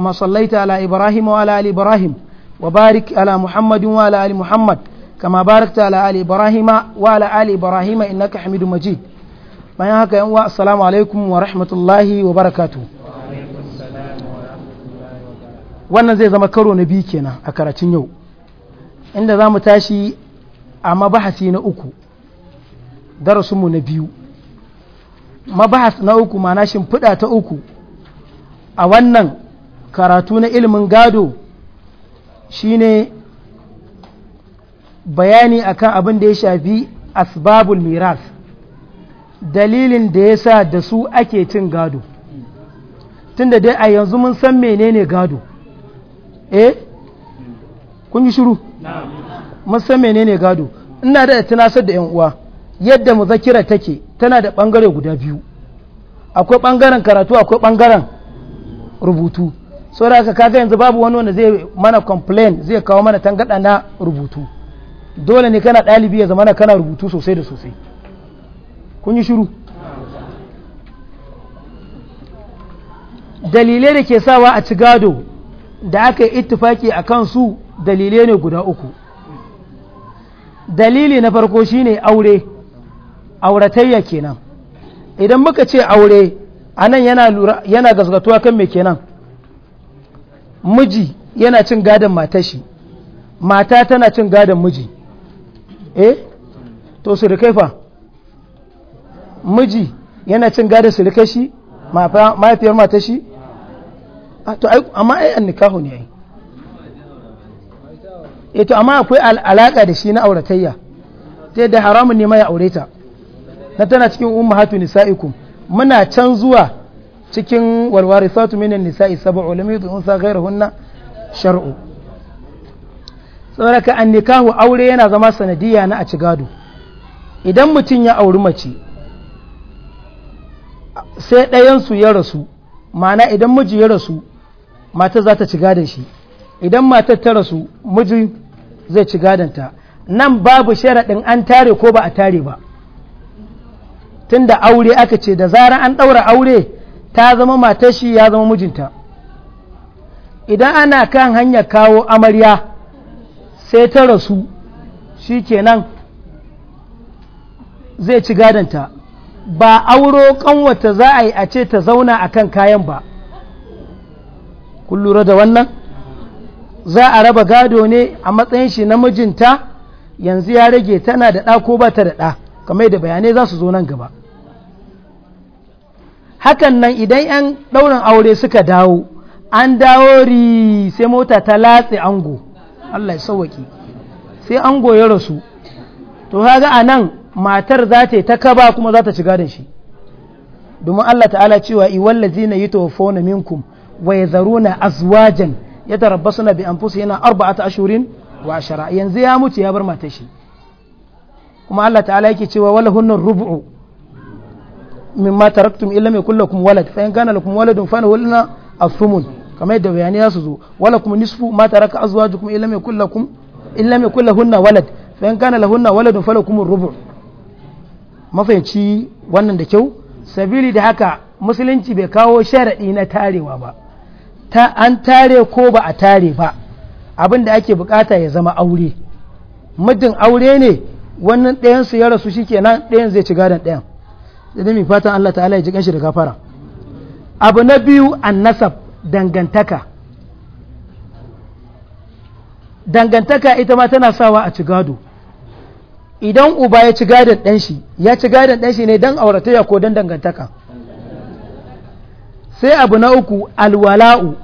كما صليت على إبراهيم وعلى آل إبراهيم وبارك على محمد وعلى آل محمد كما باركت على آل إبراهيم وعلى آل إبراهيم إنك حميد مجيد bayan haka yan uwa assalamu alaikum wa rahmatullahi wa barakatu wannan zai zama karo na biyu kenan a karatun yau inda za mu tashi a mabahasi na uku darasinmu na biyu mabahas na uku mana shimfiɗa ta uku a wannan karatu na ilimin gado shine bayani akan abin da ya shafi asbabul miras dalilin da ya sa da su ake cin gado tunda dai a yanzu mun san menene gado eh kun yi shuru mun san menene gado ina da tunasar da uwa yadda muzakira take tana da bangare guda biyu akwai bangaren karatu akwai ɓangaren rubutu saboda haka kaga yanzu babu wani wanda zai mana complain zai kawo mana tangada na rubutu dole ne kana ɗalibi ya zamana kana rubutu sosai da sosai kun yi shiru dalilai da ke sawa a ci gado da aka yi ittifaki a kansu dalilai ne guda uku dalili na farko shine aure auratayya kenan idan muka ce aure anan yana yana gazgatuwa kan me kenan miji yana cin gadon matashi mata tana cin gadon miji eh to surikai fa miji yana cin gadon surikai shi mahaifiyar matashi ah, to amma ai an nikahu ne ai eh to amma akwai alaka da shi na auratayya ta yadda haramun ne mai aureta? na tana cikin ummahatu nisa'ikum muna can zuwa cikin walwarisatu minan nisa'i sab'u lam yudhu unsa hunna shar'u tsoraka an nikahu aure yana zama sanadiyya na a ci gado idan mutum ya auri mace sai ɗayansu ya rasu ma'ana idan miji ya rasu mata za ta ci gadon shi idan mata ta rasu miji zai ci gadonta nan babu sharaɗin an tare ko ba a tare ba tunda aure aka ce da zarar an ɗaura aure ta zama matar shi ya zama mijinta idan ana kan hanyar kawo amarya sai ta rasu shi kenan zai ci gadanta ba auro kanwata za a yi a ce ta zauna a kan kayan ba kun da wannan za a raba gado ne a matsayin shi na mijinta yanzu ya rage tana da ɗa ko ba ta da ɗa kamar da bayanai za su zo nan gaba hakan nan idan 'yan ɗaurin aure suka dawo an dawo ri sai mota ta latse ango Allah ya sauwaki sai ango ya rasu to kaga a nan matar za ta yi ta kaba kuma za ta shiga da shi domin Allah ta'ala cewa iwallazi zina yi tofona minkum wa ya zaro na azwajan ya tarabbasu suna bi fusa yana ta ashurin wa ashara yanzu ya mutu ya bar matar shi kuma Allah ta'ala yake cewa wala hunnan rubu'u mimma taraktum illa mai kullakum walad fa in kana lakum waladun fa lahunna athumun kamar yadda bayani za su zo walakum nisfu ma taraka azwajukum illa mai kullakum illa mai kullahunna walad fa in kana lahunna waladun fa lakum rubu mafahimci wannan da kyau sabili da haka musulunci bai kawo sharadi na tarewa ba ta an tare ko ba a tare ba abin da ake bukata ya zama aure muddin aure ne wannan ɗayan su ya rasu shi shikenan ɗayan zai ci gadon ɗayan sai mai fatan Allah ta'ala ya ji kanshi da gafara abu na biyu an nasab dangantaka dangantaka ita ma tana sawa a ci gado idan uba ya ci gadon ɗan ya ci gadon ne don auratayya ko don dangantaka sai abu na uku alwala'u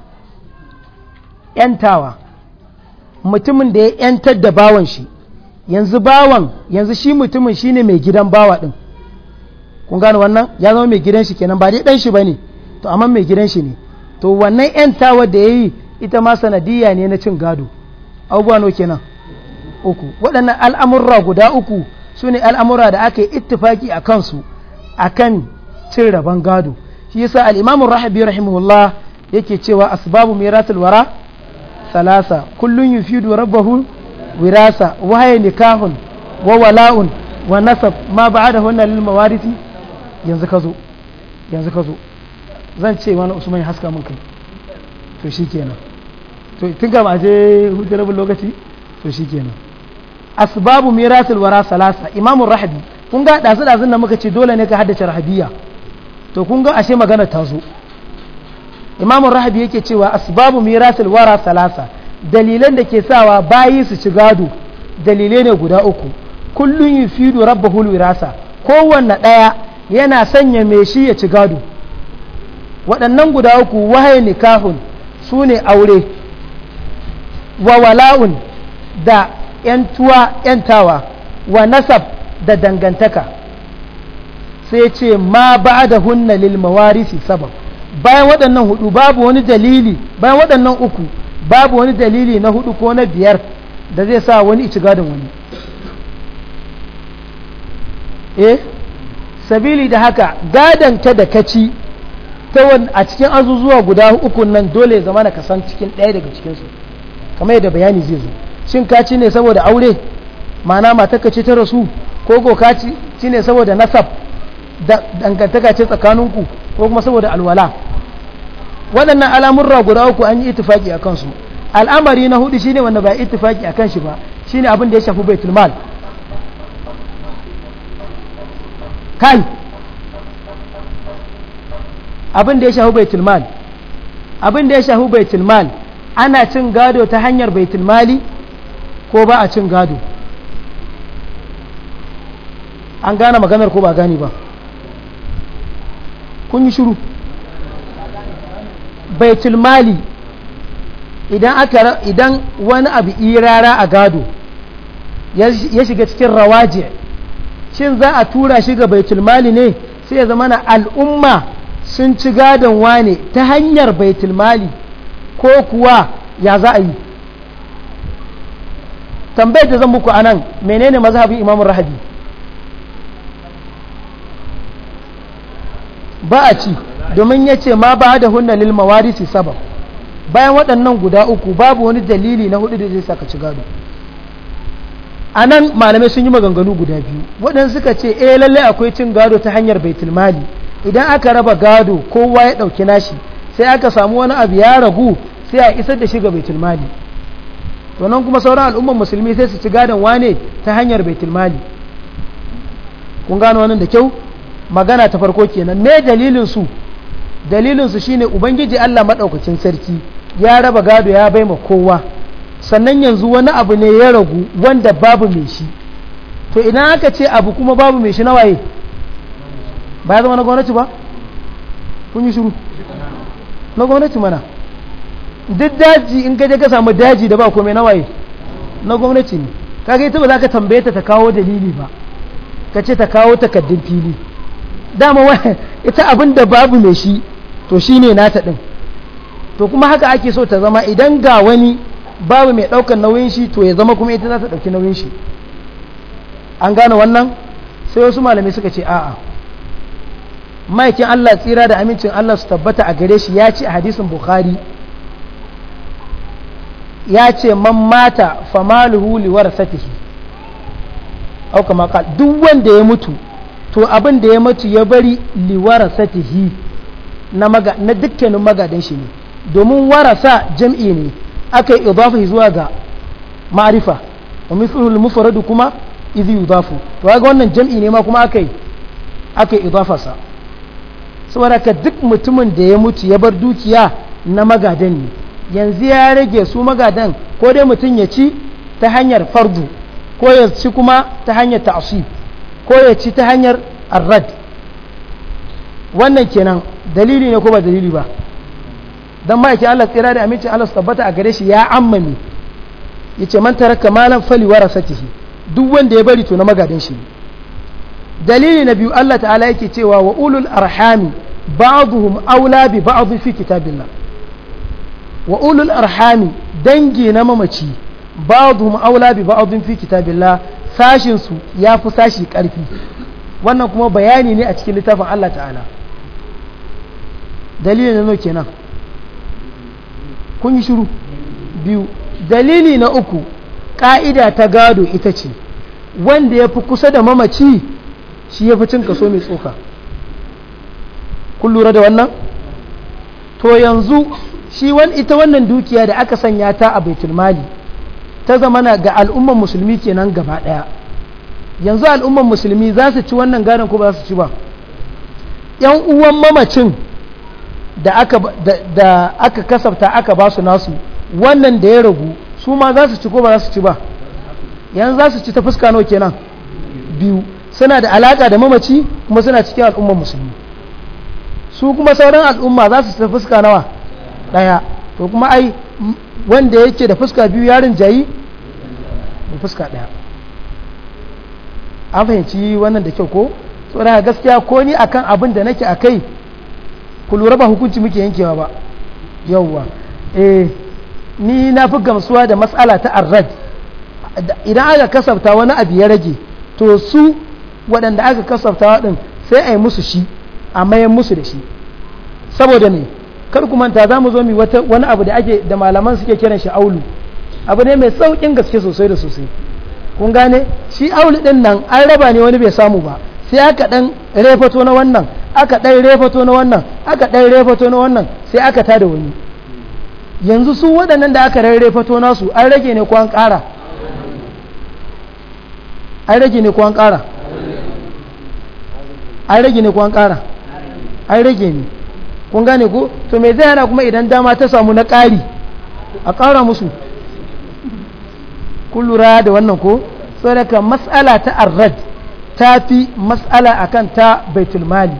‘yantawa mutumin da ya ‘yantar da bawan shi yanzu bawan yanzu shi mutumin shine mai gidan bawa ɗin kun gane wannan ya zama mai gidan shi kenan ba dai dan shi bane to amma mai gidan shi ne to wannan 'yan tawa da yayi ita ma sanadiyya ne na cin gado abubuwa no kenan uku waɗannan al'amurra guda uku su ne al'amurra da aka yi ittifaki a kansu a kan cin rabon gado shi yasa al'imamun rahabi rahimahullah yake cewa asbabu miratul wara salasa kullum yufidu rabbahu wirasa wahaya nikahun wa wala'un wa nasab ma ba'adahu lil mawarisi yanzu ka zo yanzu ka zo zan ce wani usman ya haska min kai to shi kenan to tun ga je hutun rabin lokaci to shi kenan asbabu mirasul wara salasa imamun rahabi kun ga da ɗazun nan muka ce dole ne ka haddace rahabiya to kun ga ashe magana ta zo imamun rahabi yake cewa asbabu mirasul wara salasa dalilan da ke sawa bayi su ci gado dalilai ne guda uku kullun yufidu rabbahul wirasa kowanne ɗaya yana sanya mai shi ya ci gado waɗannan guda uku wahayi nikahun su ne aure wa wala'un da ‘yantuwa ‘yantawa wa nasab da dangantaka sai ce ma ba da hunna lilmawarisi su sabab bayan waɗannan hudu babu wani dalili bayan waɗannan uku babu wani dalili na hudu ko na biyar da zai sa wani ci gadon wani eh sabili da haka gadanta da kaci ta a cikin azuzuwa guda uku nan dole zama na kasan cikin ɗaya daga cikinsu kamar yadda bayani zai zo shin kaci ne saboda aure mana mataka ce ta rasu ko ko kaci ne saboda nasab dangantaka ce tsakaninku ko kuma saboda alwala waɗannan al'amurra guda uku an yi itifaki a kansu al'amari na hudu shine wanda ba itifaki a kan shi ba shine abin da ya shafi baitulmal kai abin da ya shahu baitul mal abin da ya shahu baitul mal ana cin gado ta hanyar baitul mali ko ba a cin gado an gane maganar ko ba gane ba kun yi shiru baitul mali idan aka idan wani abu irara a gado ya shiga cikin rawaji shin za a tura shi ga baitul mali ne sai ya zama na al'umma sun ci gadon wane ta hanyar baitul ko kuwa ya za a yi tambayar da zan muku anan menene mazhabin imamu rahabi ba a ci domin ya ce ma ba da hunna lil mawarisi sabab bayan waɗannan guda uku babu wani dalili na hudu da zai saka ci gado a nan malamai sun yi maganganu guda biyu waɗansu suka ce eh lallai akwai cin gado ta hanyar baitul mali idan aka raba gado kowa ya ɗauki nashi sai aka samu wani abu ya ragu sai a isar da shi ga baitul mali kuma sauran al'ummar musulmi sai su ci gadon wane ta hanyar baitul mali kun gano wannan da kyau magana ta farko kenan me dalilin su dalilin su shine ubangiji Allah madaukakin sarki ya raba gado ya baima kowa sannan yanzu wani abu ne ya ragu wanda babu mai shi to idan aka ce abu kuma babu mai shi na waye ba ya zama na gwamnati ba kun yi shiru na gwamnati mana duk daji in gaje ka samu daji da ba mai na waye na gwamnati ne kaga ita ba za ka tambaye ta ta kawo dalili ba ka ce ta kawo takaddun fili dama ita abin da babu mai shi to shi ne nata din to kuma haka ake so ta zama idan ga wani babu mai ɗaukar nauyin shi to ya zama kuma ita za ta ɗauki nauyin shi an gane wannan sai wasu malamai suka ce a'a ma'aikin Allah tsira da amincin Allah su tabbata a gare shi ya ce a hadisin Bukhari ya ce man mata famaluhu li warasatihi au kama ka duk wanda ya mutu to abin da ya mutu ya bari li warasatihi na maga na dukkanin magadan shi ne domin warasa jam'i ne aka yi idafa zuwa ga ma'arifa wa mithlul mufaradu kuma idh yudafu to kaga wannan jam'i ne ma kuma aka yi aka yi saboda ka duk mutumin da ya mutu ya bar dukiya na magadan ne yanzu ya rage su magadan ko dai mutum ya ci ta hanyar fardu ko ya ci kuma ta hanyar ta'asib ko ya ci ta hanyar arrad wannan kenan dalili ne ko ba dalili ba dan ma'aikin Allah tsira da amincin Allah su tabbata a gare shi ya ammami yace man taraka malan fali warasatihi duk wanda ya bari to na magadin shi dalili na biyu Allah ta'ala yake cewa wa ulul arhami ba'dhum aula bi ba'd fi kitabillah wa ulul arhami dangi na mamaci ba'dhum aula bi ba'd fi kitabillah sashin su yafi sashi karfi wannan kuma bayani ne a cikin littafin Allah ta'ala dalilin na kenan kun yi shiru biyu dalili na uku ka'ida ta gado ita ce wanda ya fi kusa da mamaci shi ya fi cin kaso mai tsoka kun lura da wannan to yanzu shi ita wannan dukiya da aka sanya ta a baitulmali ta zamana ga al'umman musulmi kenan gaba ɗaya yanzu al'umman musulmi za su ci wannan gadon ko ba su ci ba yan uwan mamacin da aka da aka kasafta aka ba su nasu wannan da ya ragu su ma za su ci ko ba za su ci ba yanzu za su ci ta fuska nawa kenan biyu suna da alaka da mamaci kuma suna cikin al'ummar musulmi su kuma sauran al'umma za su ta fuska nawa daya to kuma ai wanda yake da fuska biyu yarin jayi da fuska daya an fahimci wannan da kyau ko saboda gaskiya ko ni akan abin da nake akai ku lura ba hukunci muke yankewa ba yauwa eh ni na fi gamsuwa da matsala ta arrad idan aka kasafta wani abu ya rage to su waɗanda aka kasafta waɗin sai a yi musu shi a mayan musu da shi saboda ne kar ku manta za mu zo mi wani abu da ake da malaman suke kiran shi aulu abu ne mai saukin gaske sosai da sosai kun gane shi aulu ɗin nan an raba ne wani bai samu ba sai aka ɗan refato na wannan aka ɗan refato na wannan aka ɗan refato na wannan sai aka ta da wani yanzu su waɗannan da aka rarrefato nasu an rage ne ko an ƙara an rage ne ko an ƙara an rage ne ko an ƙara an rage ne kun gane ko to me zai hana kuma idan dama ta samu na ƙari a ƙara musu kun lura da wannan ko saboda mas'ala ta arrad ta fi mas'ala akan ta baitulmali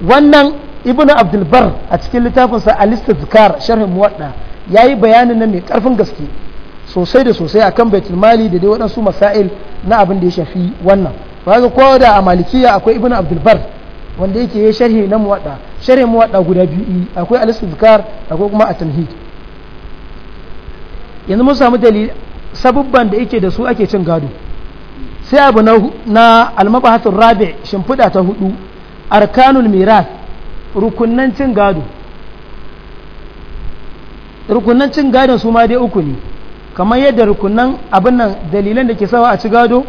wannan ibnu abdulbar a cikin littafinsa alista zikar sharhin muwadda yayi bayanin nan mai karfin gaske sosai da sosai akan baitul mali da dai waɗansu masail na abin da ya shafi wannan ba ko da a malikiya akwai ibnu abdulbar wanda yake ya sharhi na muwadda sharhi muwadda guda biyu eh, akwai alista zikar akwai kuma atanhid yanzu mun samu dalil sabubban da yake da su ake cin gado sai abu na na al rabi' shimfida ta hudu arkanul miras rukunnan cin gado rukunnan cin gado su ma dai uku ne kamar yadda rukunan abin nan dalilan da ke sawa a ci gado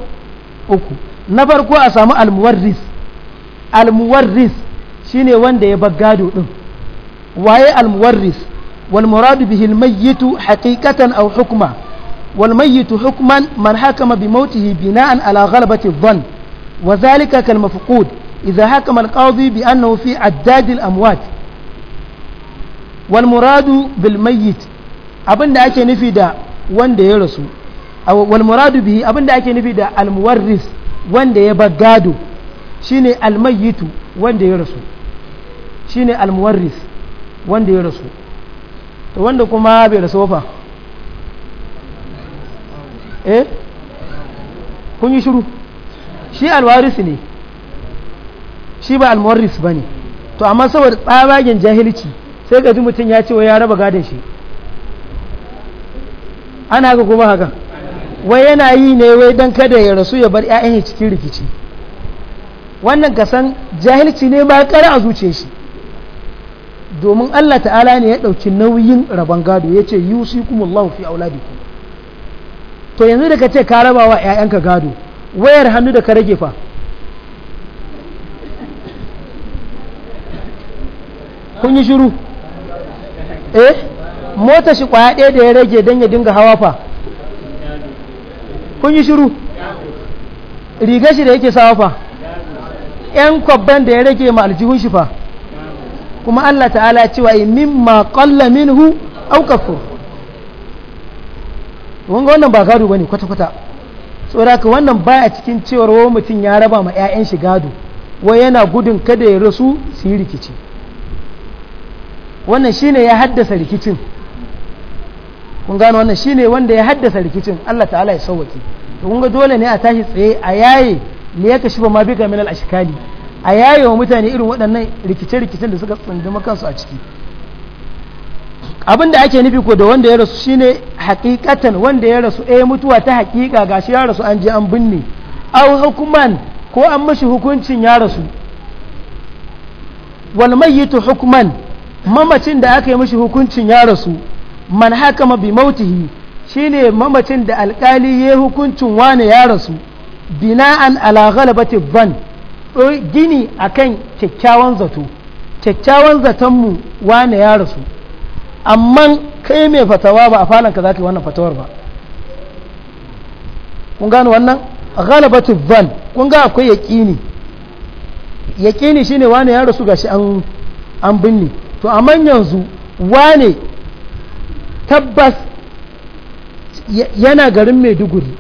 uku na farko a samu almuwarris almuwarris shine wanda ya bar gado din waye almuwarris wal muradu bihi almayyitu haqiqatan aw hukma wal mayyitu hukman man hakama bi mautihi bina'an ala ghalabati dhann wa dhalika kal mafqud إذا حكم القاضي بأنه في عداد الأموات والمراد بالميت أبن دعك نفيدا وان دي رسو والمراد به أبن دعك نفيدا المورث وان دي بقادو شيني الميت وان دي رسو شيني المورث وان دي رسو وان دي كما بي رسو فا eh kun yi shiru shi alwaris ne shi ba almuwarris ba ne to amma saboda tsabagen jahilci sai ga mutum ya ce wai ya raba gadon shi ana ga kuma haka wai yana yi ne wai dan kada ya rasu ya bar 'ya'yan ya cikin rikici wannan kasan jahilci ne ba kare a zuce shi domin Allah ta'ala ne ya ɗauki nauyin rabon gado ya ce yusikumullahu fi auladikum to yanzu da ka ce ka raba wa 'ya'yanka gado wayar hannu da ka rage fa kun yi shiru eh mota shi kwaya ɗaya da ya rage don ya dinga hawa fa kun yi shiru riga shi da yake sawa fa yan kwabban da ya rage ma aljihun shi fa kuma Allah ta'ala cewa mimma qalla min hu kafur wanga wannan ba gado ne kwata kwata saboda ka wannan ba a cikin cewar mutum ya raba ma 'ya'yan shi gado wai yana gudun kada ya rasu su yi rikici wannan shine ya haddasa rikicin kun gano wannan shine wanda ya haddasa rikicin Allah ta'ala ya sauwaki to kun dole ne a tashi tsaye a yaye ne ya kashi ba ma bi gamin al-ashkali a yaye wa mutane irin waɗannan rikice-rikicen da suka tsunduma kansu a ciki abinda ake nufi ko da wanda ya rasu shine hakikatan wanda ya rasu eh mutuwa ta hakika gashi ya rasu an je an binne aw hukuman ko an mashi hukuncin ya rasu wal mayyitu hukman mamacin da aka yi mishi hukuncin ya rasu man hakama bi mautihi ne mamacin da alkali ya hukuncin wane ya rasu bina'an ala ghalabati dhann gini akan kyakkyawan zato kyakkyawan zatonmu wane ya rasu amma kai mai fatawa ba a falon ka zaka yi wannan fatawar ba kun gano wannan ghalabatu van kun ga akwai Yaƙini shi ne wane ya rasu ga shi an binne to amma yanzu wane tabbas yana garin maiduguri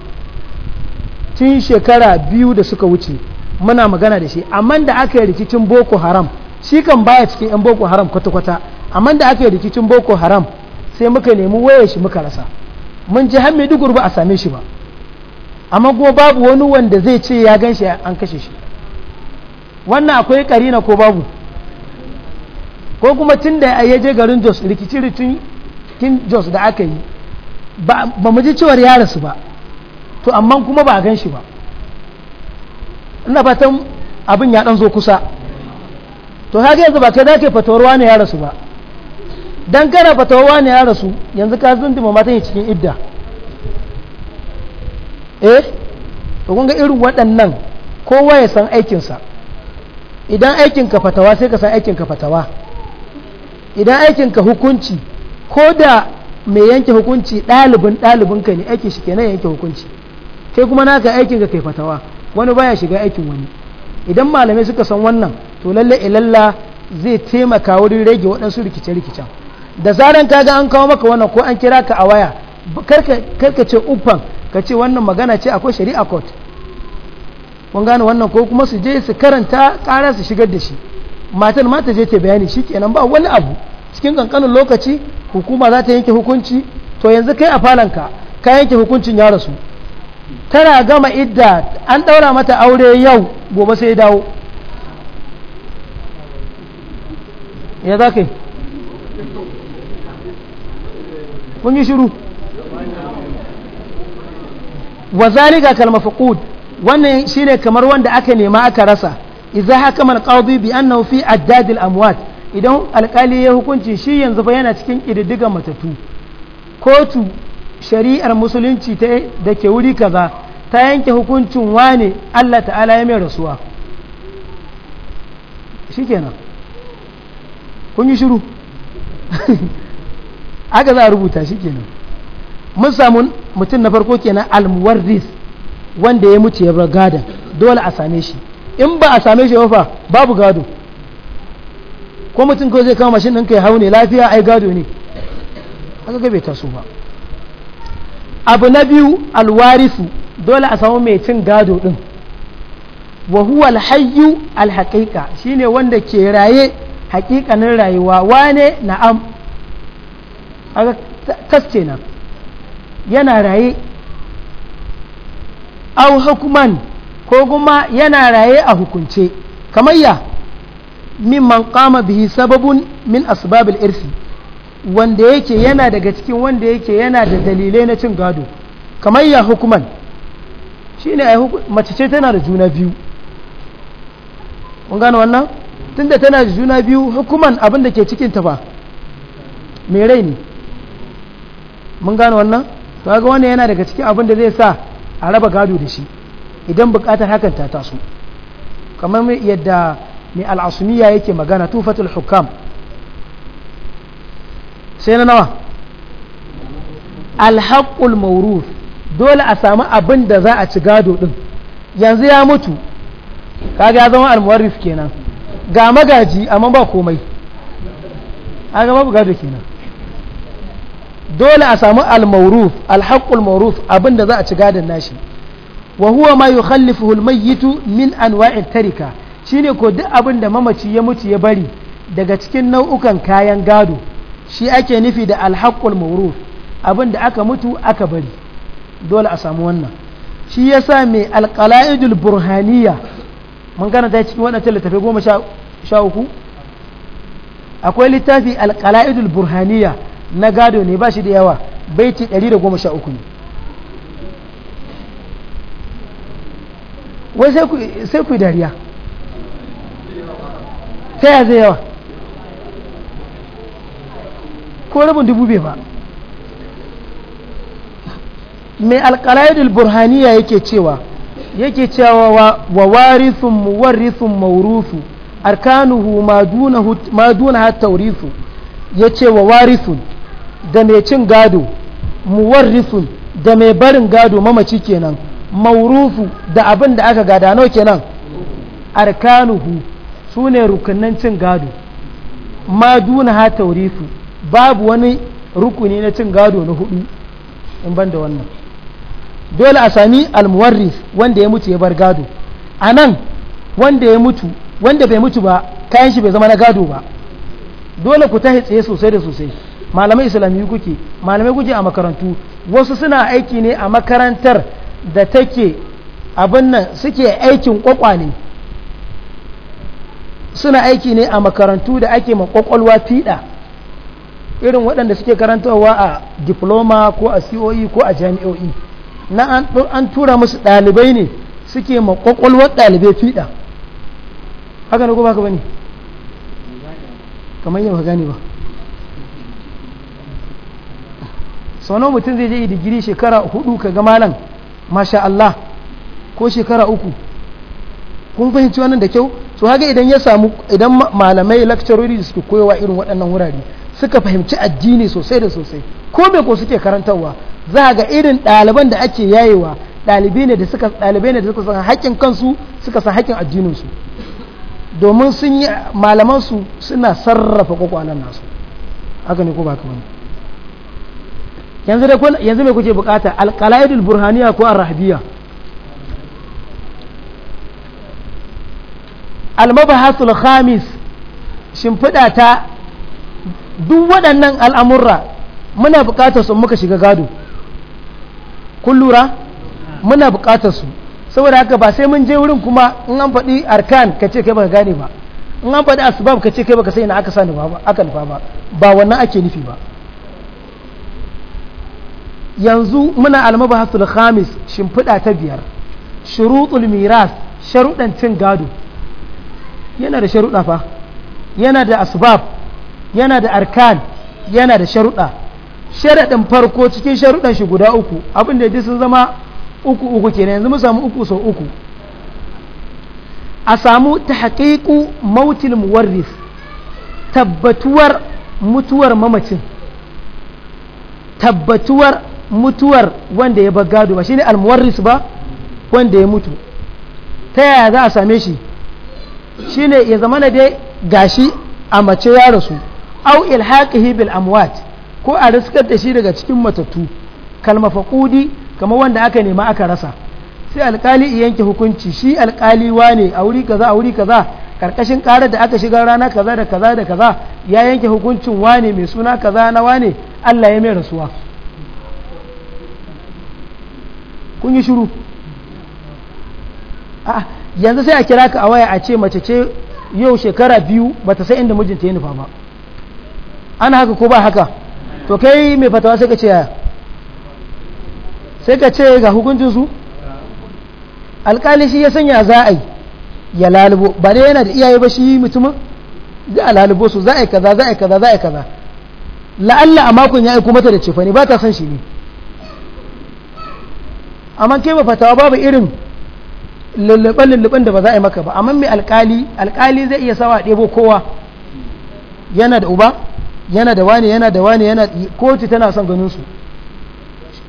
tun shekara biyu da suka wuce muna magana da shi amma da aka yi rikicin boko haram shi kan baya cikin 'yan boko haram kwata-kwata amma da aka yi rikicin boko haram sai muka nemi waya shi muka rasa mun ji har maiduguri ba a same shi ba amma kuma babu wani wanda zai ce ya gan an kashe shi wannan akwai karina ko babu ko kuma tun da ya je garin jos rikici rikicin jos da aka yi ba mu ji cewar ya rasu ba to amma kuma ba a gan shi ba ina fatan abin ya dan zo kusa to haka yanzu ba kai za fatawarwa ne ya rasu ba dan kana fatawarwa ne ya rasu yanzu ka ma matan yi cikin idda eh to kun ga irin waɗannan kowa ya san aikinsa idan aikinka fatawa sai ka san aikinka fatawa idan aikinka hukunci ko da mai yanke hukunci ɗalibin ɗalibinka ne aikin shi kenan yanke hukunci kai kuma naka aikinka kai fatawa wani baya shiga aikin wani idan malamai suka san wannan to lalle ilalla zai taimaka wurin rage waɗansu rikice-rikicen da zaran kaga an kawo maka wannan ko an kira ka a waya karka ce uffan ka ce wannan magana ce akwai shari'a court kun gane wannan ko kuma su je su karanta ƙara su shigar da shi matar mata ta je ta bayani shikenan ba wani abu cikin kankanin lokaci hukuma za ta yanke hukunci to yanzu kai a falanka ka yanke hukuncin ya rasu tana gama idda an daura mata aure yau gobe sai dawo ya za ka yi kun yi shiru wa zalika kalmafakud wannan shine kamar wanda aka nema aka rasa idza hakama alqadi bi annahu fi ajdad amwat idan alkali ya hukunci shi yanzu fa yana cikin kididdigan matatu kotu shari'ar musulunci ta da ke wuri kaza ta yanke hukuncin wane Allah ta'ala ya mai rasuwa shikenan kun yi shiru aka za rubuta shikenan mun samu mutum na farko kenan almuwarris wanda ya mutu ya bar gadan dole a same shi in ba a same shi mafa babu gado ko mutum ko zai kama mashin ɗinka ya hau ne lafiya ai gado ne haka ga bai su ba abu na biyu alwarisu dole a samu mai cin gado ɗin wa huwa alhayyu alhaqiqa shine wanda ke raye haƙiƙanin rayuwa wane na'am aga tas yana raye aw hukuman. ko kuma yana raye a hukunce kamar ya man kama bihi sababun min asbabil irsi wanda yake yana daga cikin wanda yake yana da dalilai na cin gado kamar ya hukuman shi ne mace ce tana da juna biyu kun gano wannan tunda tana da juna biyu hukuman abin da ke cikin ta ba mai rai ne mun gano wannan to ga wannan yana daga cikin abin da zai sa a raba gado da shi idan buƙatar hakan ta taso kamar yadda mai al'asumiya yake magana tufatul hukam sai na nawa alhaƙul mauruf dole a samu abin da za a ci gado ɗin yanzu ya mutu kaga ya zama almuwarrif kenan ga magaji amma ba komai a gaba bu gado kenan dole a samu almauruf alhaƙul mauruf abin da za a ci gadon nashi wa huwa ma yukhallifuhu almayyit min anwa'it tarika shine ko duk abin da mamaci ya mutu ya bari daga cikin nau'ukan kayan gado shi ake nufi da alhaqqul mawruf abin da aka mutu aka bari dole a samu wannan shi yasa mai alqalaidul burhaniya mun gana ta cikin wannan littafi goma sha uku akwai littafi alqalaidul burhaniya na gado ne ba shi da yawa baiti 113 ne wai sai ku dariya ta zai yawa ko rabin dubu bai ba mai alkalaidul burhaniya yake cewa yake cewa wa warisun warisun maurusu arkanuhu ma duna hatta wurisu ya ce wa warisun da mai cin gado muwarrithun da mai barin gado mamaci kenan maurufu da abin da aka gada nau kenan arkanuhu su ne rukunan cin gado ma duna ha taurifu babu wani rukuni na cin gado na hudu in ban da wannan dole a sami almuwarris wanda ya mutu ya bar gado a nan wanda ya mutu wanda bai mutu ba kayan shi bai zama na gado ba dole ku ta tsaye sosai da sosai malamai islamiyu kuke malamai kuke a makarantu wasu suna aiki ne a makarantar da take abin nan suke aikin kwakwale suna aiki ne a makarantu da ake makwakwalwa fiɗa irin waɗanda suke karantarwa a diploma ko a coe ko a jami'o'i na an tura musu ɗalibai ne suke makwakwalwa ɗalibai fiɗa haka ne ko baka ne kamar yau ne ba sau mutum zai je digiri shekara hudu ka ga malam masha Allah ko shekara uku kun fahimci wannan da kyau su haka idan ya samu idan malamai lakcarori da suke koyawa irin waɗannan wurare suka fahimci addini sosai da sosai ko me ko suke karantarwa za ga irin ɗaliban da ake yayewa ɗalibai ne da suka ɗalibai ne da suka san haƙƙin kansu suka san haƙƙin addininsu domin sun yi malaman su suna sarrafa kwakwalan nasu haka ne ko ba ka wani yanzu da yanzu me kuke bukata alqalaidul burhaniya ko arrahbiya almabhasul khamis shimfiɗa ta duk waɗannan al'amurra muna buƙatar su muka shiga gado kun muna buƙatar su saboda haka ba sai mun je wurin kuma in an faɗi arkan ka ce kai baka gane ba in an faɗi asbab ka ce kai baka sai na aka sani ba aka nufa ba ba wannan ake nufi ba yanzu muna almabahasul khamis shimfiɗa ta biyar shuruɗul miras sharuɗan cin gado yana da sharuɗa fa yana da asbab yana da arkan yana da sharuɗa sharaɗin farko cikin sharuɗan shi guda uku abin da sun zama uku uku kenan yanzu mun samu uku sau uku a samu ta haƙiƙu mautil muwarris tabbatuwar mutuwar mamacin tabbatuwar mutuwar wanda ya bagado ba shine almuwarris ba wanda ya mutu ta yaya za a same shi shine ya zama na dai gashi a mace ya rasu au ilhaqihi bil amwat ko a riskar da shi daga cikin matattu kalma faqudi kamar wanda aka nema aka rasa sai alkali yanke hukunci shi alkali wane a wuri kaza a wuri kaza karkashin karar da aka shiga rana kaza da kaza da kaza ya yanke hukuncin wane mai suna kaza na wane Allah ya mai rasuwa kun yi shiru a yanzu sai a kira ka a waya a ce mace ce yau shekara biyu ba ta sai inda mijinta ya nufa ba ana haka ko ba haka to kai mai fatawa sai ka ce yaya sai ka ce ga hukuncinsu alkali shi ya sanya za a yi ya lalubo ba dai yana da iyaye ba shi mutumin za a lalubo su za a yi kaza za a yi kaza za a yi kaza la'alla a makon ya aiko mata da cefane ba ta san shi ne amma ke ba fatawa babu irin lulluɓen-lulluɓen da ba za a yi maka ba amma mai alkali alkali zai iya sawa ɗebo kowa yana da uba yana da wani yana da wani yana kotu tana son ganin su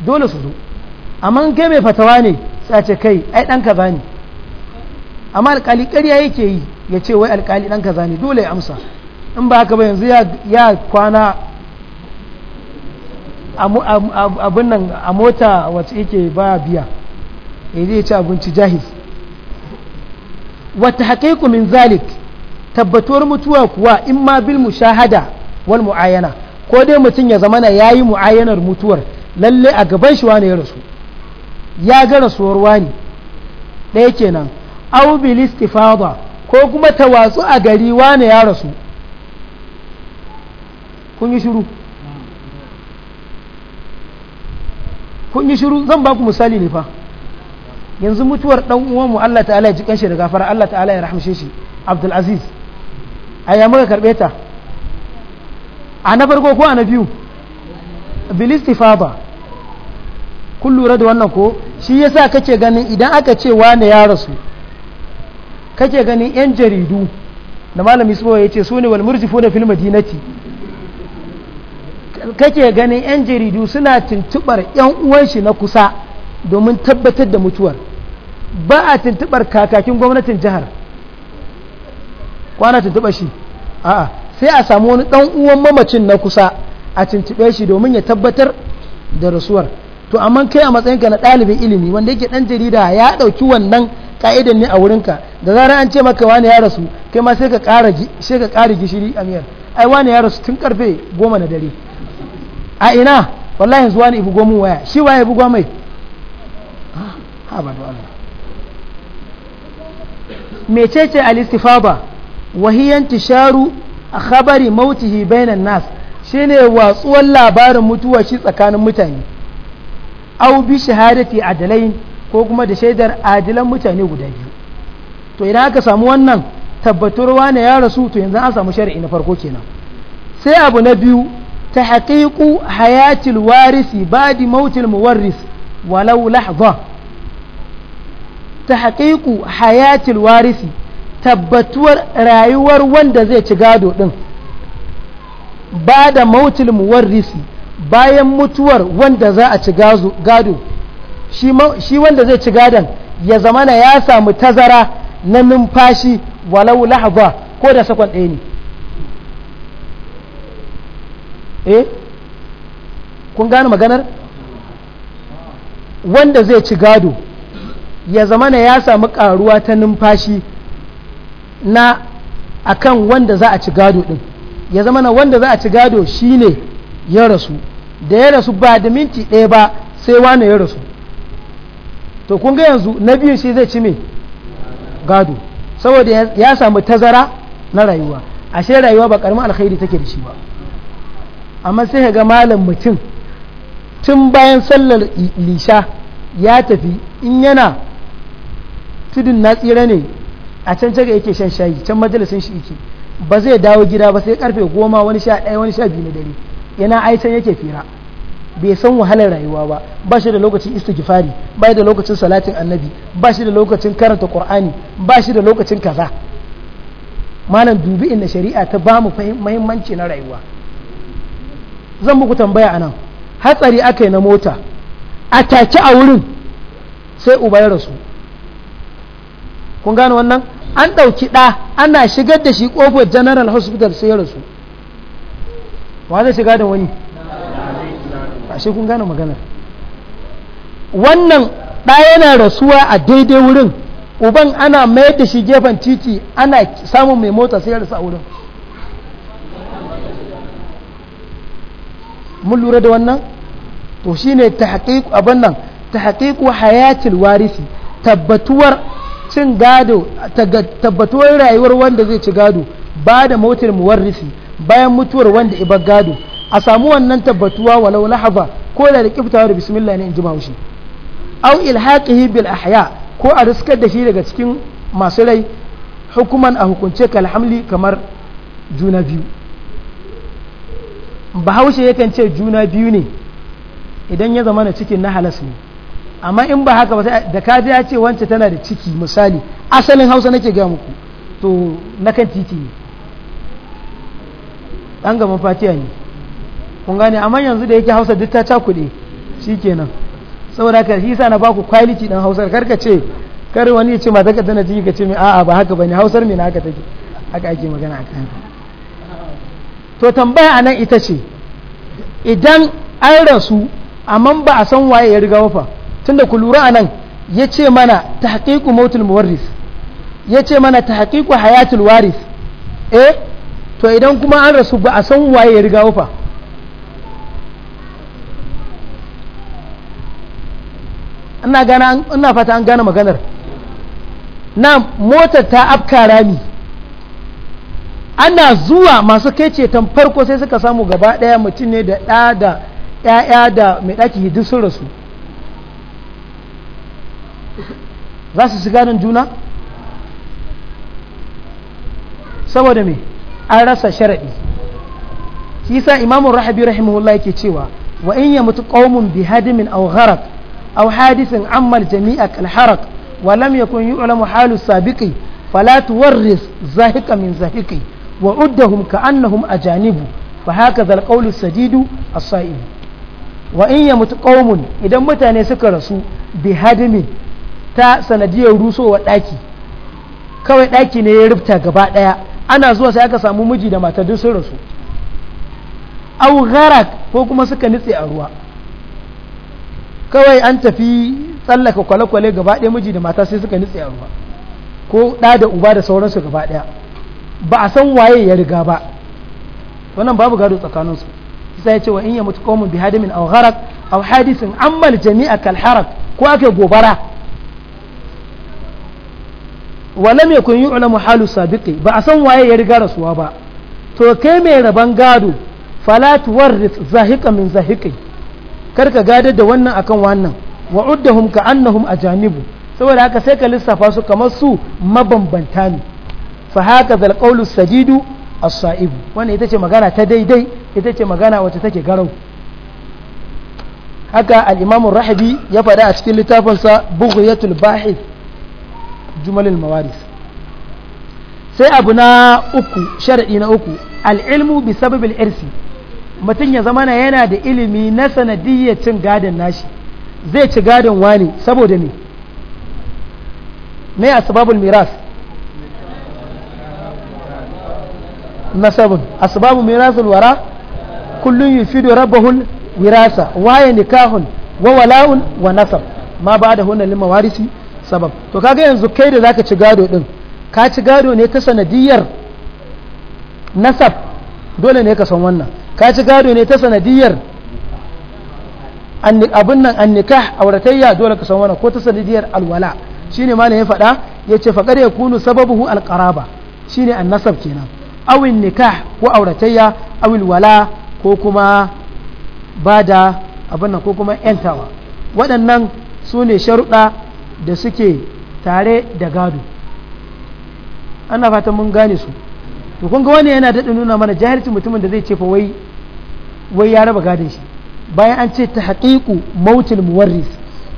dole su zo amma kai mai fatawa ne sace ce kai ai ɗan kaza ne amma alkali ƙarya yake yi ya ce wai alkali ɗan kaza ne dole ya amsa in ba haka ba yanzu ya kwana abin nan a mota wacce yake ba biya ya eh, zai ci abinci jahiz wata haƙaiku min zalik tabbatuwar mutuwa kuwa in ma bil shahada wal mu'ayana ko dai mutum ya zamana ya yi mu'ayanar mutuwar lalle a gaban shi wani ya rasu ya ga rasuwar wani ɗaya kenan au bil istifada ko kuma ta watsu a gari wani ya rasu kun yi shiru kun shiru zan baku ku misali ne fa yanzu mutuwar dan uwanmu Allah ta'ala ya ji kanshi da gafara Allah ta'ala ya rahamshe shi Abdul Aziz a ya muka karbe ta ana farko ko a na biyu bil istifada kun lura da wannan ko shi yasa kake ganin idan aka ce wane ya rasu kake ganin yan jaridu da malami Ismail ya ce su ne wal murjifuna fil madinati kake ganin 'yan jaridu suna tuntubar 'yan uwanshi na kusa domin tabbatar da mutuwar ba a tuntubar kakakin gwamnatin jihar kwana tuntubar shi a'a sai a samu wani ɗan uwan mamacin na kusa a tuntube shi domin ya tabbatar da rasuwar to amma kai a matsayinka na ɗalibin ilimi wanda yake ɗan jarida ya ɗauki wannan ka'idan ne a wurinka da zarar an ce maka wani ya rasu kai ma sai ka ƙara gishiri a miyar ai wani ya rasu tun karfe goma na dare a ina wallahi yanzu wani ibu gomu waya shi waye ibu gomai ah, ha ba da Allah mecece al wahiyan tisharu a khabari mautihi bainan nas shine watsuwan labarin mutuwa shi tsakanin mutane au bi a adalain ko kuma da shaidar adilan mutane guda biyu to idan aka samu wannan tabbatarwa na ya rasu to yanzu an samu shari'i na farko kenan sai abu na biyu ta haƙiƙu warisi ba di mautul muwarris walau lahza ta haƙiƙu warisi tabbatuwar rayuwar wanda zai ci gado ɗin ba da mautul muwarris bayan mutuwar wanda za a ci gado shi wanda zai ci gadon ya zamana ya samu tazara na numfashi walau lahza ko da sakon ɗaya ne eh kun gane maganar wanda zai ci gado ya zamana ya samu karuwa ta numfashi na akan wanda za a ci gado din ya zamana wanda za a ci gado shine ya rasu da ya rasu ba da minti ɗaya ba sai wane ya rasu to kun ga yanzu na biyun shi zai ci mai gado saboda ya samu tazara na rayuwa ashe rayuwa ba karamin alkhairi take da shi ba amma sai ga malam mutum tun bayan sallar lisha ya tafi in yana tudun na tsira ne a can caga yake shan shayi can majalisun shi yake ba zai dawo gida ba sai karfe goma wani sha ɗaya wani sha biyu na dare yana aitan yake fira bai san wahalar rayuwa ba ba shi da lokacin istighfari ba da lokacin salatin annabi ba shi da lokacin karanta qur'ani ba shi da lokacin kaza malam dubi inda shari'a ta bamu mu na rayuwa zan muku tambaya a nan hatsari aka yi na mota a taci a wurin sai uba ya rasu kun gane wannan an ɗauki ɗa ana shigar da shi ƙofar general hospital sai ya rasu wa zai shiga da wani ashe kun gane maganar wannan ɗa yana rasuwa a daidai wurin uban ana mayar da shi gefen titi ana samun mai mota sai ya rasu a wurin mun lura da wannan to shine tahqiq abin nan tahqiqu hayatil warisi tabbatuwar cin gado tabbatuwar rayuwar wanda zai ci gado ba da mautil muwarrisi bayan mutuwar wanda iba gado a samu wannan tabbatuwa walau lahaba ko da da kiftawa da bismillah ne in ji baushi au ilhaqihi bil ahya ko a riskar da shi daga cikin masu rai hukuman a hukunce kalhamli kamar juna biyu bahaushe yakan ce juna biyu ne idan ya zama na cikin na halas ne amma in ba haka ba da ka ya ce wance tana da ciki misali asalin hausa nake ga muku to na kan titi ne ɗan gaban fatiya ne kun gane amma yanzu da yake hausa duk ta cakuɗe shi kenan saboda ka shi na baku kwaliti ɗan hausar karka ce kar wani ya ce mata ka tana ciki ka ce mai a'a ba haka ba ne hausar mai na haka take haka ake magana a kan to tambaya anan ita ce idan an rasu amma ba a san waye ya riga wafa tunda ku lura anan yace mana ta mautul muwarris yace mana ta hayatul waris eh to idan kuma an rasu ba a san waye ya riga wafa ina fata an gane maganar na motar ta afkara ni ana zuwa masu kai ceton farko sai suka samu gaba ɗaya mutum ne da ɗa da ‘ya'ya da mai ɗaki hidin sun rasu za su shiga nan juna saboda me an rasa sharaɗi shi yasa imamun rahabi rahimahullah yake cewa wa in ya mutu qaumun bi hadimin aw gharaq aw hadithin ammal jami'a kalharak haraq wa lam yakun yu'lamu halu sabiqi fala tuwarris zahiqa min zahiqi وعدهم كأنهم أجانب فهكذا القول السديد الصائب وإن يمت قوم إذا متى سكرسوا بهدم ta sanadiyar rusowar ɗaki kawai ɗaki ne ya rufta gaba ɗaya ana zuwa sai aka samu miji da mata duk sun rasu au gharak ko kuma suka nitse a ruwa kawai an tafi tsallaka kwale-kwale gaba ɗaya miji da mata sai suka nitse a ruwa ko ɗa da uba da sauransu gaba ɗaya ba a san waye ya riga ba wannan babu gado tsakanin sai ya ce wa in ya mutu qaumun bi hadimin aw gharaq aw hadisin ammal jami'a kal harak ko ake gobara wa lam yakun yu'lamu halu sabiqi ba a san waye ya riga rasuwa ba to kai mai raban gado fala tuwarris zahiqan min zahiqi karka gadar da wannan akan wannan wa uddahum ka annahum ajanibu saboda haka sai ka lissafa su kamar su mabambanta ne fa haka zal sadidu as-sa'ib wannan ita ce magana ta daidai ita ce magana wacce take garau haka al rahabi ya faɗa a cikin littafinsa bughyatul bahis jumalul mawaris sai abu na uku sharadi na uku al-ilmu bi irsi mutum ya zamana yana da ilimi na sanadiyyar cin gadon nashi zai ci gadon wani saboda ne me asbabul miras nasabun asbabu mirasul wara kullun yufidu rabbahul wirasa waye nikahun wa wala'un wa nasab ma ba da hunan lima warisi sabab to kaga yanzu kai da zaka ci gado din ka ci gado ne ta sanadiyar nasab dole ne ka san wannan ka gado ne ta sanadiyar abin nan an nikah auratayya dole ka san wannan ko ta sanadiyar alwala shine malamin ya faɗa yace faqad yakunu sababuhu alqaraba shine annasab kenan awin nikah ko auratayya awil wala ko kuma bada da abin nan ko kuma yantawa waɗannan su ne sharuɗa da suke tare da gado ana fatan mun gane su to ga wani yana daɗin nuna mana jaharci mutumin da zai ce wai wai ya raba gadon shi bayan an ce ta haƙiƙu mautil muwarris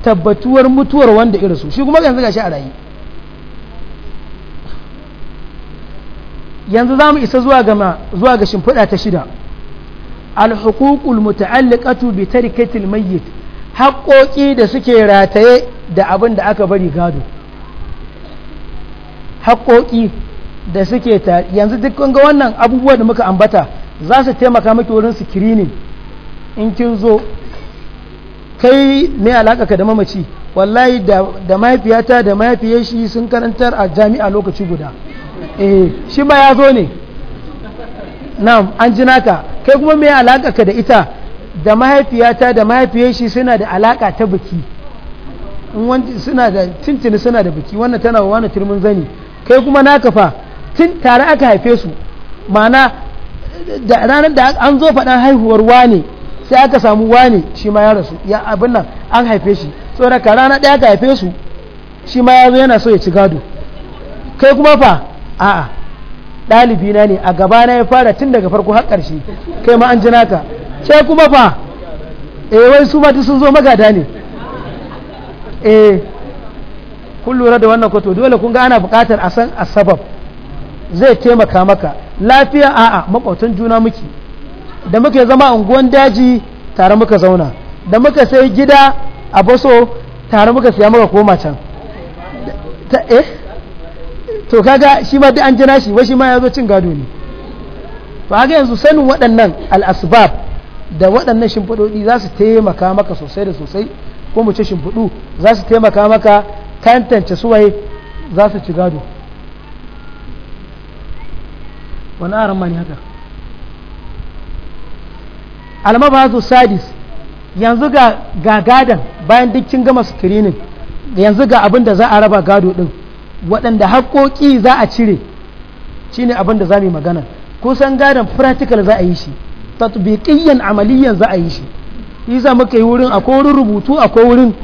tabbatuwar mutuwar wanda irasu shi kuma yanzu shi a rayu yanzu za mu isa zuwa ga shimfiɗa ta shida alhukukul muta'alliqatu bi tarikatil mayyit haƙoƙi da suke rataye da abin da aka bari gado haƙoƙi da suke ta yanzu duk ga wannan abubuwa da muka ambata za su taimaka maki wurin screening in kin zo kai ne alaka ka da mamaci wallahi da mahaifiyata da mahaifiyar sun karantar a jami'a lokaci guda eh shi ma ya zo ne na'am an ji naka kai kuma me alaka ka da ita da mahaifiyata da mahaifiyar shi suna da alaka ta biki suna da tintini suna da biki wannan tana wa wani turmin zani kai kuma naka fa tun tare aka haife su ma'ana da ranar da an zo faɗan haihuwar wane sai aka samu wane shi ma ya rasu ya abin nan an haife shi saboda ka rana ɗaya aka haife su shi ma ya zo yana so ya ci gado kai kuma fa a'a ɗalibi na ne a gaba na ya fara tun daga farko har ƙarshe kai ma an ji naka ce kuma fa E, wai su ma sun zo magada ne e kun lura da wannan kwato dole kun ga ana buƙatar a san asabab zai taimaka maka lafiya a'a makwautan juna muke da muke zama unguwan daji tare muka zauna da muka sai gida a baso tare muka siya muka koma can eh? to kaga shi ma duk an jira shi wa shi ma ya zo cin gado ne to haka yanzu sanin waɗannan al'asbab da waɗannan shimfiɗoɗi za su taimaka maka sosai da sosai ko mu ce shimfiɗu za su taimaka maka tantance suwaye za su ci gado wani ma ne haka almabazu sadis yanzu ga gadan bayan duk kin gama screening yanzu ga abin da za a raba gado din waɗanda haƙoƙi za a cire shi ne abin da za mu yi magana kusan gadon practical za a yi shi tatbiqiyyan amaliyyan za a yi shi yi za muka yi wurin akwai wurin rubutu akwai wurin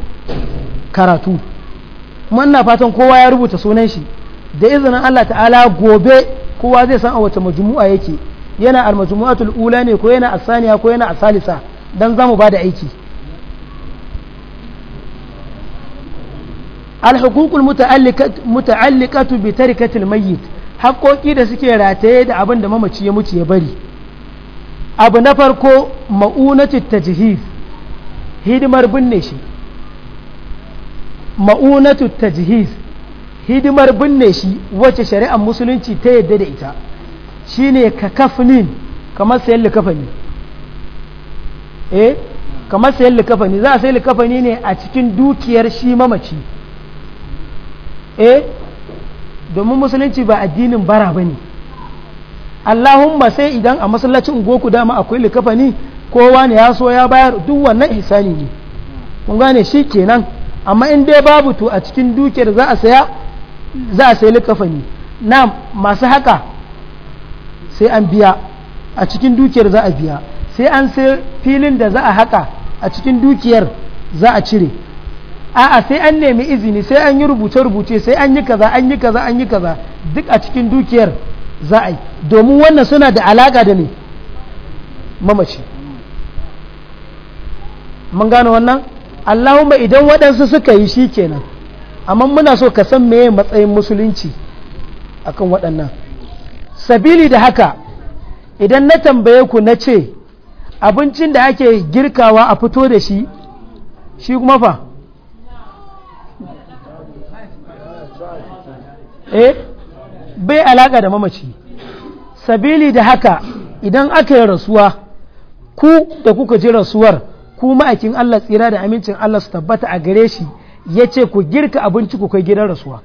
karatu manna fatan kowa ya rubuta sunan shi da izinin Allah ta'ala gobe kowa zai san a wace majmu'a yake yana al ula ne ko yana asaniya ko yana asalisa dan zamu ba da aiki الحقوق المتعلقة متعلقة بتركة الميت haƙoƙi da suke rataye da abin da mamaci ya mutu bari abu na farko ma'unatu tajhiz hidimar binne shi ma'unatu wacce shari'ar musulunci ta yadda da ita shine ka kafnin kamar sayan likafani eh kamar za a sayi likafani ne a cikin dukiyar shi mamaci eh domin musulunci ba addinin bara ba ne allahumma sai idan a masallacin ku dama akwai likafani kowa ne ya so ya bayar duk wannan isani ne kun gane shi kenan amma in dai babu to a cikin dukiyar za a saya za a sayi na masu haka sai an biya a cikin dukiyar za a biya sai an sai filin da za a haka a cikin dukiyar za a cire a'a sai an nemi izini sai an yi rubuce-rubuce sai an yi kaza an yi kaza an yi kaza duk a cikin dukiyar za a yi domin wannan suna da alaka da ne mamaci mun gano wannan allahumma idan waɗansu suka yi shi kenan amma muna so ka san meye matsayin musulunci akan waɗannan sabili da haka idan na tambaye ku na ce abincin da ake girkawa a fito da shi shi kuma fa eh bai alaka da mamaci sabili da haka idan aka yi rasuwa ku da kuka ji rasuwar ku ma'aikin Allah tsira da amincin Allah su tabbata a gare shi ya ce ku girka abinci ku kai gidan rasuwa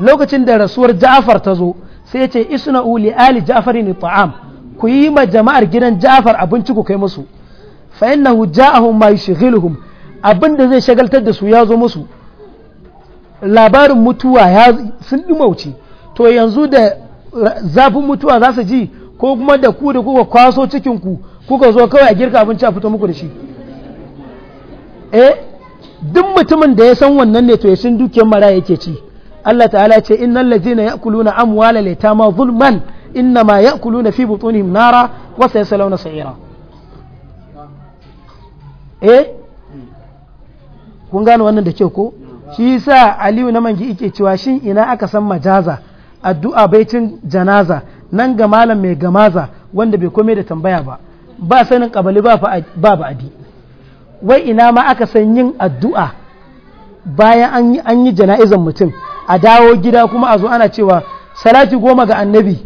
lokacin da rasuwar Ja'far ta zo sai ya ce isna uli ali Ja'far ni ta'am ku yi ma jama'ar gidan Ja'far abinci ku kai musu fa innahu ja'ahum ma yushghiluhum abin da zai shagaltar da su ya zo musu labarin mutuwa ya sun dumauce to yanzu da zafin mutuwa za su ji ko kuma da ku da kuka kwaso cikinku kuka zo kawai a girka abinci a fito muku da shi eh duk mutumin da ya san wannan ne to ya san dukiyar mara yake ci Allah ta'ala ce innal ladzina ya'kuluna amwala litama zulman innama ya'kuluna fi butunihim nara wa sayaslawna sa'ira eh kun gane wannan da kyau ko shi sa aliyu na mangi ike cewa shin ina aka san majaza addu'a baitin janaza nan ga malam mai gamaza wanda bai kome da tambaya ba ba sanin kabali ba ba ba'adi wai ina ma aka san yin addu'a bayan an yi jana'izan mutum a dawo gida kuma a zo ana cewa salati goma ga annabi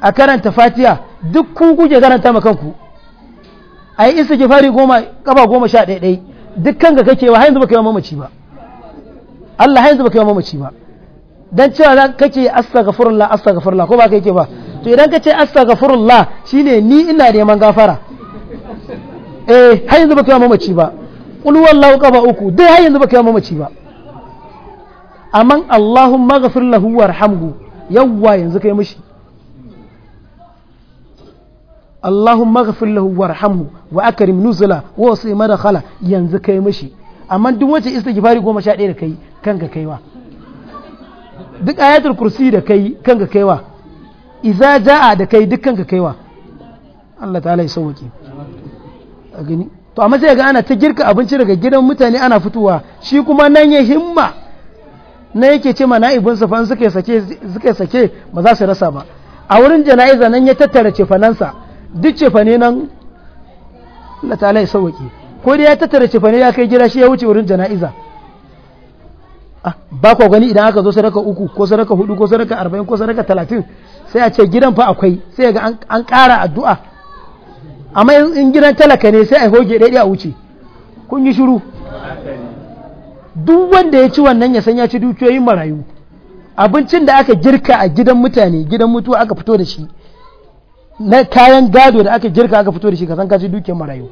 a karanta fatiya duk ku kuke karanta ma kanku a yi isa goma kafa goma sha ɗaya-ɗaya dukkan ga kake wa yanzu baka yi mamaci ba Allah yanzu baka yi mamaci ba dan cewa dan kake astaghfirullah astaghfirullah ko ba kai ke ba to idan kace astaghfirullah shine ni ina neman gafara eh har yanzu baka yi mamaci ba qul wallahu qaba uku dai har yanzu baka yi mamaci ba amma Allahumma ghafir lahu warhamhu yawwa yanzu kai mishi Allahumma ghafir lahu warhamhu wa akrim nuzula wa wasi khala yanzu kai mishi amma duk wace istighfari goma sha ɗaya da kai kanka kaiwa duk ayatul kursi da kai kanka kaiwa idza jaa da kai duk kanka kaiwa Allah ta'ala ya sauke a gani to amma sai ga ana ta girka abinci daga gidan mutane ana fitowa shi kuma nan ya himma na yake ce ma sa fa suka sake suka sake ba za su rasa ba a wurin jana'iza nan ya tattara cefanansa duk cefane nan Allah ta'ala ya sauke ko dai ya tattara cefane ya kai gida shi ya wuce wurin jana'iza Ah, ba kwa gani idan aka zo sadaka uku ko sadaka hudu ko sadaka arba'in ko sadaka talatin sai a ce gidan fa akwai sai ga an kara addu'a amma in gidan talaka ne sai a hoge ɗaiɗi a wuce kun yi shiru duk wanda ya ci wannan ya san ya ci dukiyoyin marayu abincin da aka girka a gidan mutane gidan mutuwa aka fito da shi na kayan gado da aka girka aka fito da shi ka san ka ci dukiyar marayu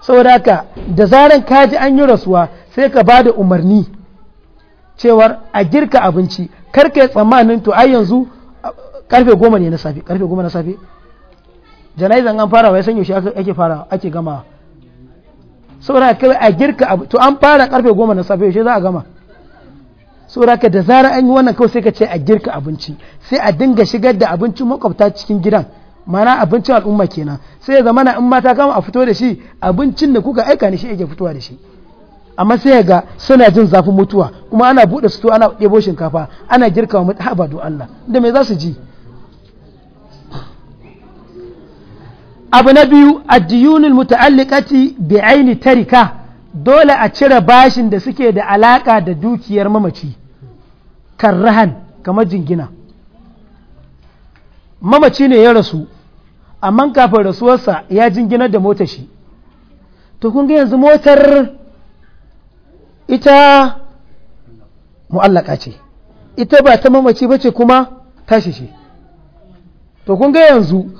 saboda haka da zaran kaji an yi rasuwa sai ka bada umarni cewar a girka abinci karka ya tsammanin to ai yanzu karfe goma ne na safe karfe goma na safe janayizan an fara ya san yaushe ake fara ake gama saboda ka a girka to an fara karfe goma na safe yaushe za a gama saboda ka da zara an yi wannan kawai sai ka ce a girka abinci sai a dinga shigar da abincin makwabta cikin gidan mana abincin al'umma kenan sai ya zamana in mata kama a fito da shi abincin da kuka aika ne shi ake fitowa da shi amma sai ga suna jin zafin mutuwa kuma ana buɗe su ana ɗebo shinkafa ana girka wa mutu do Allah da me za su ji abu na biyu addiyunul muta'alliqati bi aini tarika dole a cire bashin da suke da alaka da dukiyar mamaci karrahan kamar jingina mamaci ne ya rasu amma kafin rasuwarsa ya jingina da motar shi to kun ga yanzu motar ita mu'allaka ce ita ba ta mamaci ba ce kuma tashi shi to kun ga yanzu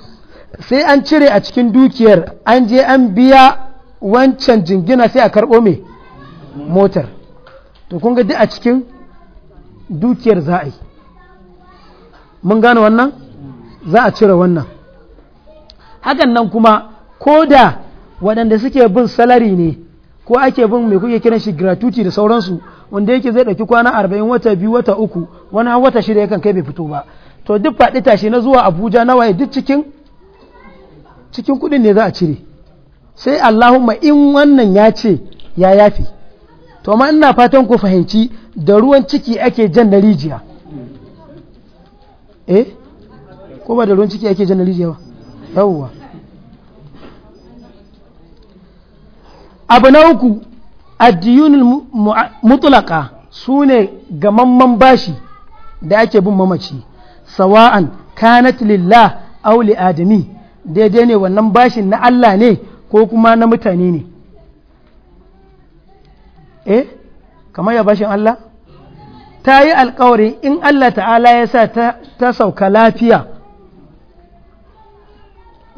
sai an cire a cikin dukiyar an je an biya wancan jingina sai a karɓo mai motar to kun ga duk a cikin dukiyar za a yi mun gane wannan za a cire wannan hakan nan kuma ko da waɗanda suke bin salari ne ko ake bin mai kuke kiran shi gratuity da sauransu wanda yake zai ɗauki kwana arba'in wata biyu wata uku wani har wata shida yakan kai bai fito ba to duk faɗi tashi na zuwa abuja na waye duk cikin cikin kuɗin ne za a cire sai allahumma in wannan ya ce ya yafi to amma ina fatan ku fahimci da ruwan ciki ake jan na rijiya eh ko ba da ruwan ciki ake jan na rijiya ba yawwa abu na uku addiyunul mutlaka su ne gamamman bashi da ake bin mamaci sawa'an kanat lillah aw li adami daidai ne wannan bashin na Allah ne ko kuma na mutane ne eh kamar ya bashin Allah ta yi alkawarin in Allah ta'ala ya sa ta sauka lafiya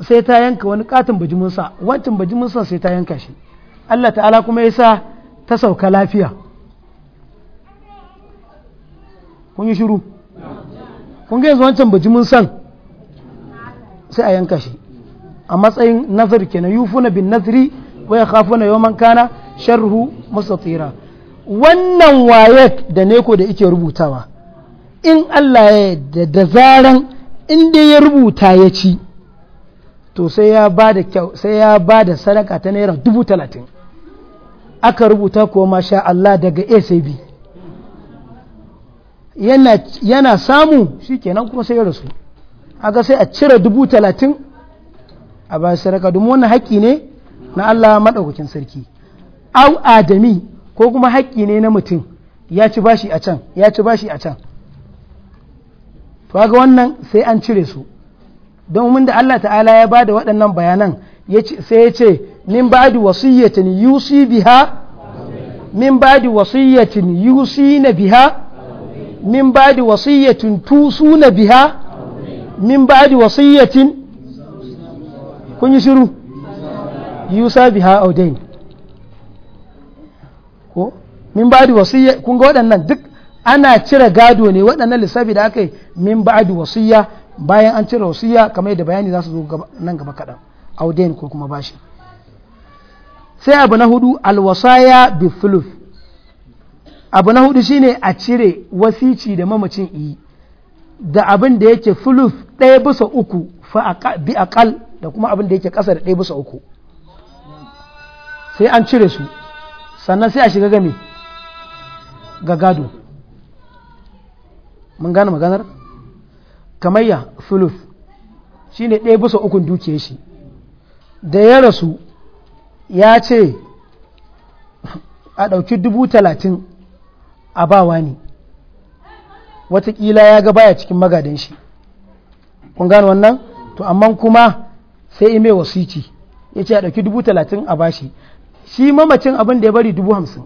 sai ta yanka wani katin bajiminsa wancan bajiminsa sai ta yanka shi Allah ta'ala kuma ya sa ta sauka lafiya kun yi shiru kun ga yanzu wancan baji mun san sai a yanka shi a matsayin nazar ke na yufuna bin nazri wa yakhafuna yawon kana sharhu tsira. wannan waye da neko da ike rubutawa in Allah ya da, da zaran inda ya rubuta ya ci to sai ya ba da sadaka ta naira dubu talatin aka rubuta kuwa masha Allah daga A yana samu shi kenan kuma sai ya rasu aga sai a cire dubu talatin a ba sadaka domin wannan haƙƙi ne na Allah maɗaukakin sarki au adami ko kuma haƙƙi ne na mutum ya ci bashi a can ya ci bashi a can to ga wannan sai an cire su domin da Allah ta'ala ya ba da waɗannan bayanan sai ya ce min ba ba'di wasiyyatin yusi biha min ba'di wasiyyatin yusina biha min ba'di wasiyyatin tusuna biha min ba'di wasiyyatin kun yi shiru yusa biha audain ko min ba'di wasiyya kun ga waɗannan duk ana cire gado ne waɗannan lissafi da aka yi min ba ba'di wasiyya bayan an cire wasiyya kamar yadda bayani za su zo nan gaba kaɗan audain ko kuma bashi sai abu na hudu alwasaya bi abu na hudu shine a cire wasici da mamacin yi da abin da yake fuluf ɗaya bisa uku bi akal da kuma abin da yake ƙasa da ɗaya bisa uku sai an cire su sannan sai a shiga game ga gado mun gane maganar kamayya fuluf shine ɗaya bisa ukun dukiyar shi da ya rasu ya ce a ɗauki dubu talatin a bawa ne watakila ya ga baya cikin magadin shi kun gano wannan to amma kuma sai ime wasici ya ce a ɗauki dubu talatin a bashi shi mamacin abin da ya bari dubu hamsin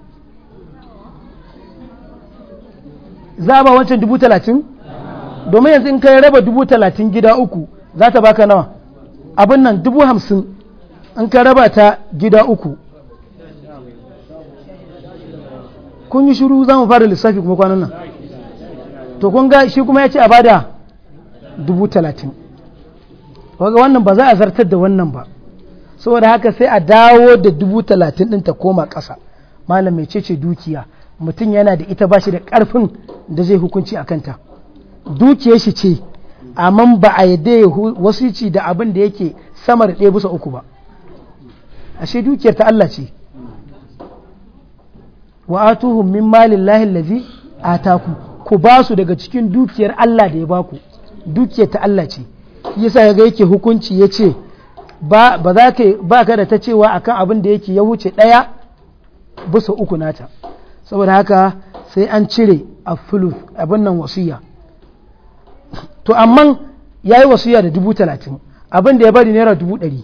za a ba wancan dubu talatin domin yanzu in kai raba dubu talatin gida uku za ta baka nawa abin nan dubu hamsin an ka raba ta gida uku kun yi shuru za mu fara lissafi kuma kwanan nan to kun ga shi kuma ya ce a bada dubu talatin waga wannan ba za a zartar da wannan ba saboda haka sai a dawo da dubu talatin ɗin ta koma ƙasa malam mai cece dukiya mutum yana da ita bashi da ƙarfin da zai hukunci a kanta dukiyar shi ce amma ba a yadda ya ci da abin da yake samar ɗaya bisa uku ba ashe dukiyar ta Allah ce wa atuhum min malin lahin lazi ataku ku basu daga cikin dukiyar Allah da ya baku dukiyar ta Allah ce yasa ga yake hukunci ya ce ba za ka ba ka da ta cewa akan abin da yake ya wuce ɗaya bisa uku nata saboda haka sai an cire a abin nan wasiya to amma ya yi wasiya da dubu talatin abin da ya bari naira dubu ɗari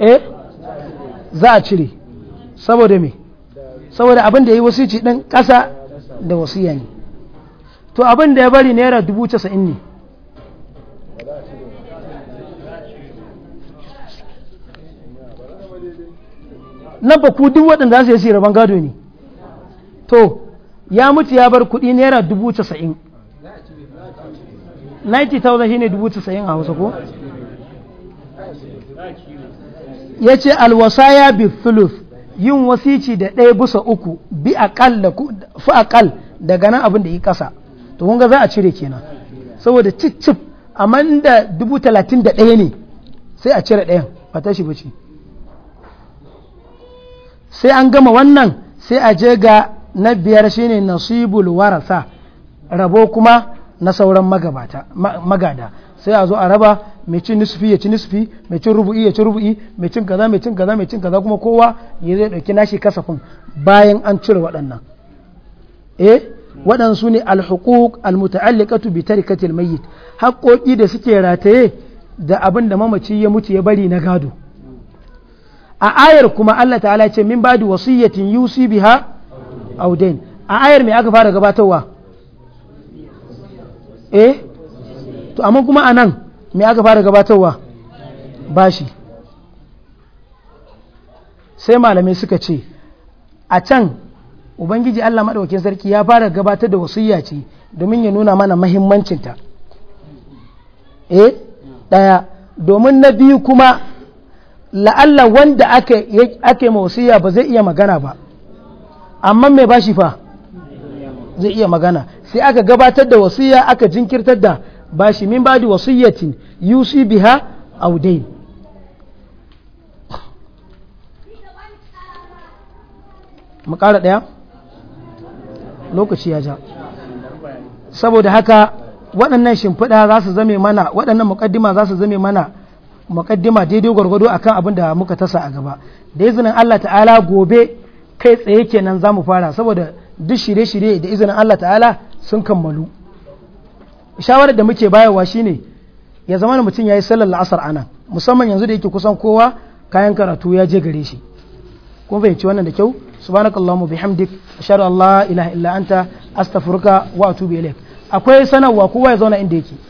E za a cire saboda me saboda abin da ya yi wasici ɗin ƙasa da wasiya ne to abin da ya bari naira dubu casa'in ne na baku duk waɗanda za su yi rabon gado ne to ya mutu ya bar kuɗi naira dubu casa'in 90,000 ne dubu casa'in a wasu ko ya ce alwasaya bi thuluth yin wasici da ɗaya bisa uku bi aƙal da fi aƙal daga nan abin da yi ƙasa to kun ga za a cire kenan saboda cicif amma da dubu talatin da ɗaya ne sai a cire ɗayan ba ta shi ba ce sai an gama wannan sai a je ga na biyar shine nasibul warasa rabo kuma na sauran magada sai a zo a raba mai cin nisfi ya ci nisfi mai cin rubu'i ya ci rubu'i mai cin kaza mai cin kaza mai cin kaza kuma kowa ya zai ɗauki nashi kasafin bayan an cire waɗannan eh waɗansu ne alhuquq almuta'alliqatu bi tarikatil mayyit haƙoƙi da suke rataye da abin da mamaci ya mutu ya bari na gado a ayar kuma Allah ta'ala ce min badu wasiyyatin yusi biha audain a ayar mai aka fara gabatarwa eh to amma kuma a nan me aka fara gabatarwa bashi sai malamai suka ce a can ubangiji allah maɗaukin sarki ya fara gabatar da wasu ce domin ya nuna mana mahimmancinta eh ɗaya domin na biyu kuma la'alla wanda ake wasiyya ba zai iya magana ba amma mai bashi fa zai iya magana sai aka gabatar da wasiyya aka jinkirtar da bashi min badi wasiyyatin yusi biha aw mu ƙara ɗaya lokaci ya ja saboda haka waɗannan shimfiɗa za su zame mana waɗannan muƙaddima za su zame mana muƙaddima daidai gwargwado akan abin da muka tasa a gaba da izinin Allah ta'ala gobe kai tsaye kenan zamu fara saboda duk shirye-shirye da izinin Allah ta'ala sun kammalu shawarar da muke bayarwa shine ya zama mutum ya yi sallar la'asar ana musamman yanzu da yake kusan kowa kayan karatu ya je gare shi kun fahimci wannan da kyau subhanakallahumma bihamdik ashhadu an la ilaha illa anta astaghfiruka wa atubu ilaik akwai sanarwa kowa ya zauna inda yake